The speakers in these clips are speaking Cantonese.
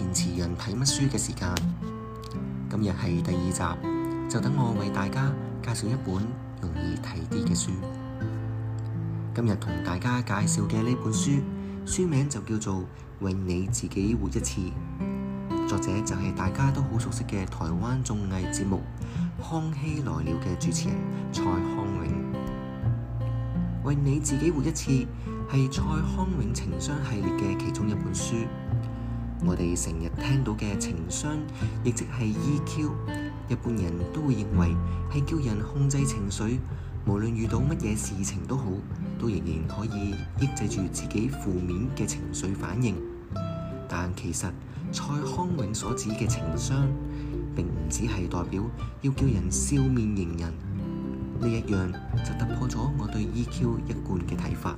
填詞人睇乜書嘅時間？今日係第二集，就等我為大家介紹一本容易睇啲嘅書。今日同大家介紹嘅呢本書，書名就叫做《為你自己活一次》，作者就係大家都好熟悉嘅台灣綜藝節目《康熙來了》嘅主持人蔡康永。《為你自己活一次》係蔡康永情商系列嘅其中一本書。我哋成日聽到嘅情商，亦即係 EQ，一般人都會認為係叫人控制情緒，無論遇到乜嘢事情都好，都仍然可以抑制住自己負面嘅情緒反應。但其實蔡康永所指嘅情商，並唔只係代表要叫人笑面迎人，呢一樣就突破咗我對 EQ 一貫嘅睇法。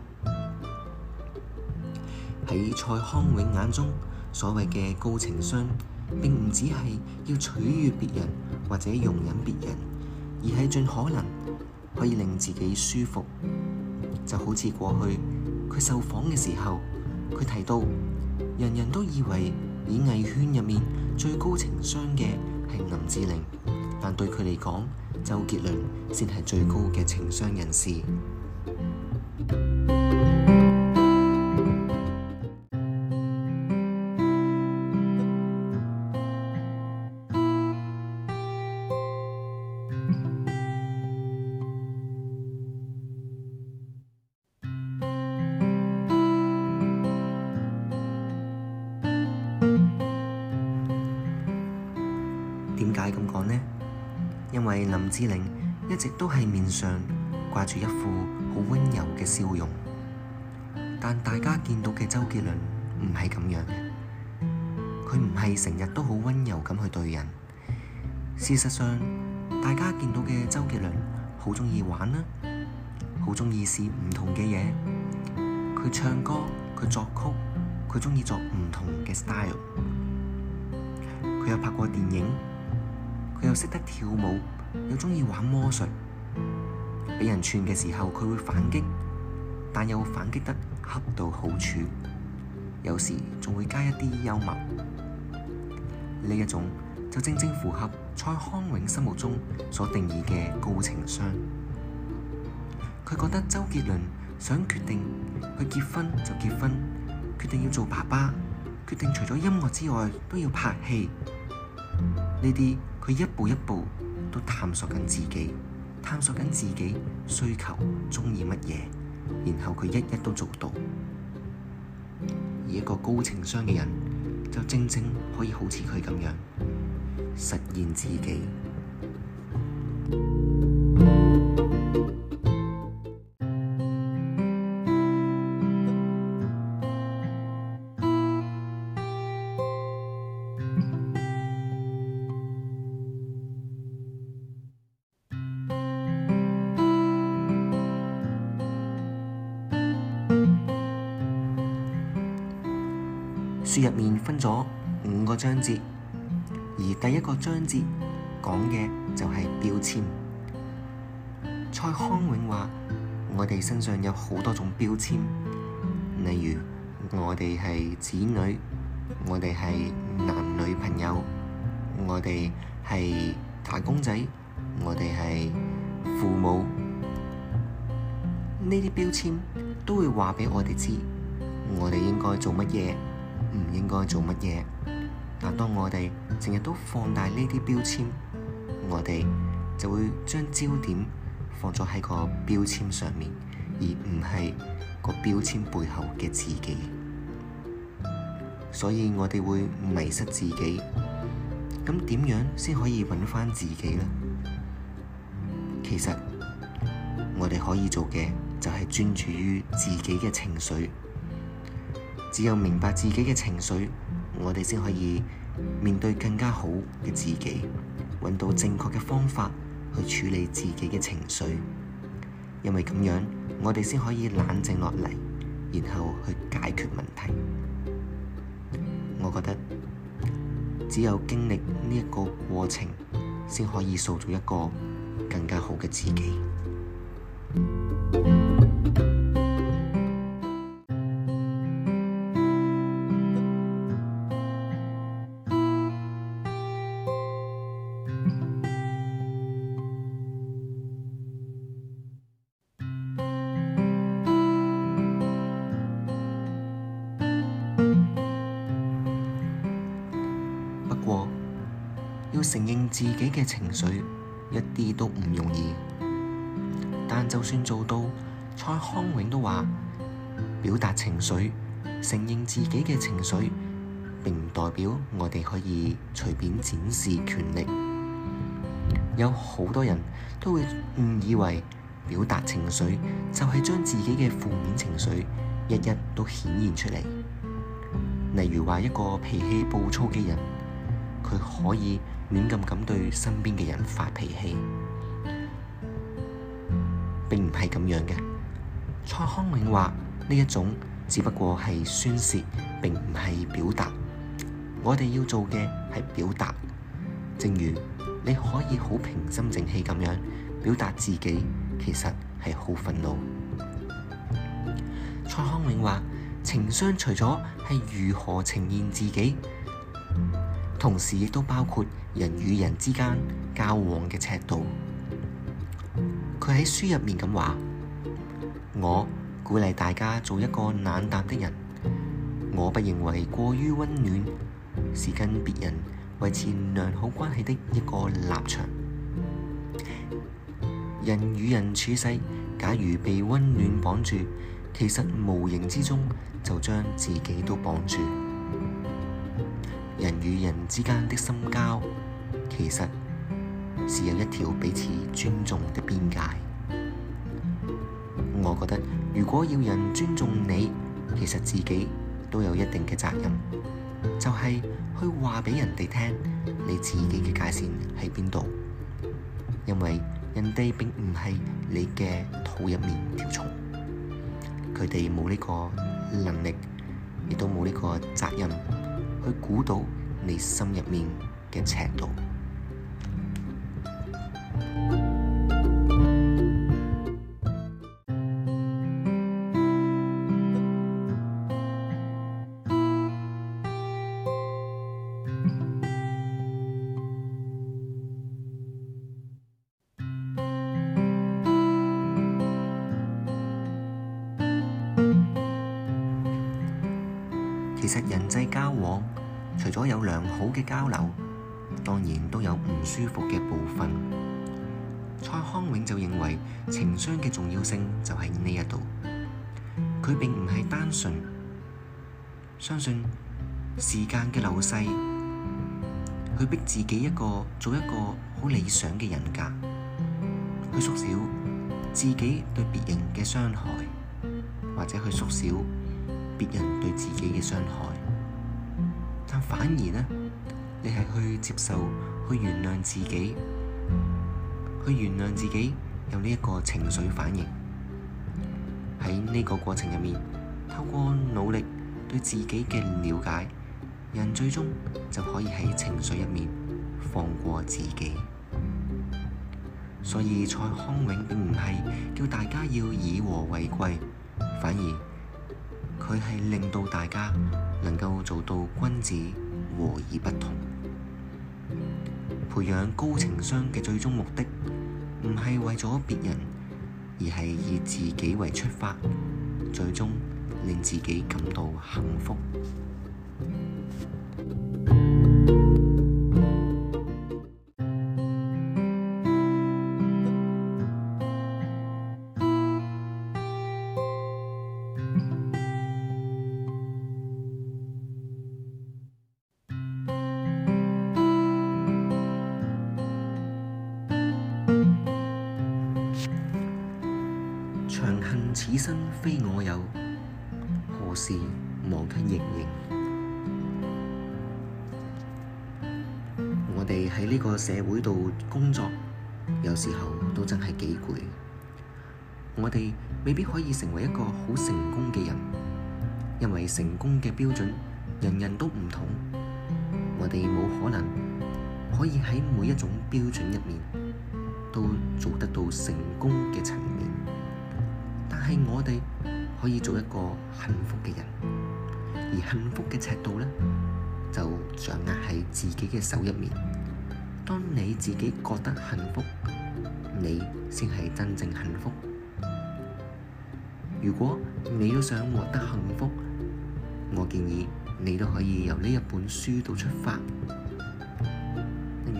喺蔡康永眼中，所謂嘅高情商並唔只係要取悅別人，或者容忍別人，而係盡可能可以令自己舒服。就好似過去，佢受訪嘅時候，佢提到人人都以為演藝圈入面最高情商嘅係林志玲，但對佢嚟講，周杰倫先係最高嘅情商人士。點解咁講呢？因為林志玲一直都係面上掛住一副好溫柔嘅笑容，但大家見到嘅周杰倫唔係咁樣，佢唔係成日都好溫柔咁去對人。事實上，大家見到嘅周杰倫好鍾意玩啦，好鍾意試唔同嘅嘢。佢唱歌，佢作曲，佢鍾意作唔同嘅 style。佢有拍過電影。佢又識得跳舞，又中意玩魔術。俾人串嘅時候，佢會反擊，但又反擊得恰到好處，有時仲會加一啲幽默。呢一種就正正符合蔡康永心目中所定義嘅高情商。佢覺得周杰倫想決定去結婚就結婚，決定要做爸爸，決定除咗音樂之外都要拍戲呢啲。佢一步一步都探索緊自己，探索緊自己需求、鍾意乜嘢，然後佢一一都做到。而一個高情商嘅人，就正正可以好似佢咁樣實現自己。書入面分咗五個章節，而第一個章節講嘅就係標籤。蔡康永話：我哋身上有好多種標籤，例如我哋係子女，我哋係男女朋友，我哋係打工仔，我哋係父母。呢啲標籤都會話俾我哋知，我哋應該做乜嘢。唔應該做乜嘢，但、啊、當我哋成日都放大呢啲標籤，我哋就會將焦點放咗喺個標籤上面，而唔係個標籤背後嘅自己。所以，我哋會迷失自己。咁點樣先可以揾翻自己呢？其實，我哋可以做嘅就係專注於自己嘅情緒。只有明白自己嘅情緒，我哋先可以面對更加好嘅自己，揾到正確嘅方法去處理自己嘅情緒，因為咁樣我哋先可以冷靜落嚟，然後去解決問題。我覺得只有經歷呢一個過程，先可以塑造一個更加好嘅自己。承認自己嘅情緒一啲都唔容易，但就算做到，蔡康永都話：表達情緒、承認自己嘅情緒，並唔代表我哋可以隨便展示權力。有好多人都會誤以為表達情緒就係將自己嘅負面情緒日日都顯現出嚟，例如話一個脾氣暴躁嘅人，佢可以亂咁咁對身邊嘅人發脾氣，並唔係咁樣嘅。蔡康永話：呢一種只不過係宣泄，並唔係表達。我哋要做嘅係表達。正如你可以好平心靜氣咁樣表達自己，其實係好憤怒。蔡康永話：情商除咗係如何呈現自己。同時亦都包括人與人之間交往嘅尺度。佢喺書入面咁話：「我鼓勵大家做一個冷淡的人。我不認為過於温暖，是跟別人維持良好關係的一個立場。人與人處世，假如被温暖綁住，其實無形之中就將自己都綁住。」人與人之間的深交，其實是有一條彼此尊重的邊界。我覺得，如果要人尊重你，其實自己都有一定嘅責任，就係、是、去話俾人哋聽你自己嘅界綫喺邊度。因為人哋並唔係你嘅肚入面條蟲，佢哋冇呢個能力，亦都冇呢個責任。去估到你心入面嘅尺度。其實人際交往除咗有良好嘅交流，當然都有唔舒服嘅部分。蔡康永就認為情商嘅重要性就喺呢一度，佢並唔係單純相信時間嘅流逝，去逼自己一個做一個好理想嘅人格，去縮小自己對別人嘅傷害，或者去縮小。別人對自己嘅傷害，但反而呢，你係去接受、去原諒自己，去原諒自己有呢一個情緒反應。喺呢個過程入面，透過努力對自己嘅了解，人最終就可以喺情緒入面放過自己。所以蔡康永並唔係叫大家要以和為貴，反而，佢係令到大家能夠做到君子和而不同，培養高情商嘅最終目的，唔係為咗別人，而係以自己為出發，最終令自己感到幸福。此身非我有，何時忘卻營營。我哋喺呢個社會度工作，有時候都真係幾攰。我哋未必可以成為一個好成功嘅人，因為成功嘅標準人人都唔同。我哋冇可能可以喺每一種標準入面都做得到成功嘅層面。係我哋可以做一個幸福嘅人，而幸福嘅尺度呢，就掌握喺自己嘅手入面。當你自己覺得幸福，你先係真正幸福。如果你都想獲得幸福，我建議你都可以由呢一本書度出發。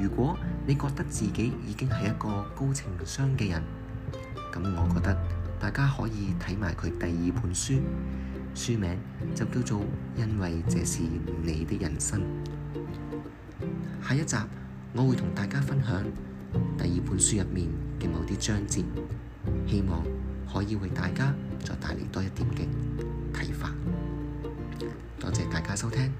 如果你覺得自己已經係一個高情商嘅人，咁我覺得。大家可以睇埋佢第二本書，書名就叫做《因為這是你的人生》。下一集，我會同大家分享第二本書入面嘅某啲章節，希望可以為大家再帶嚟多一點嘅睇法。多謝大家收聽。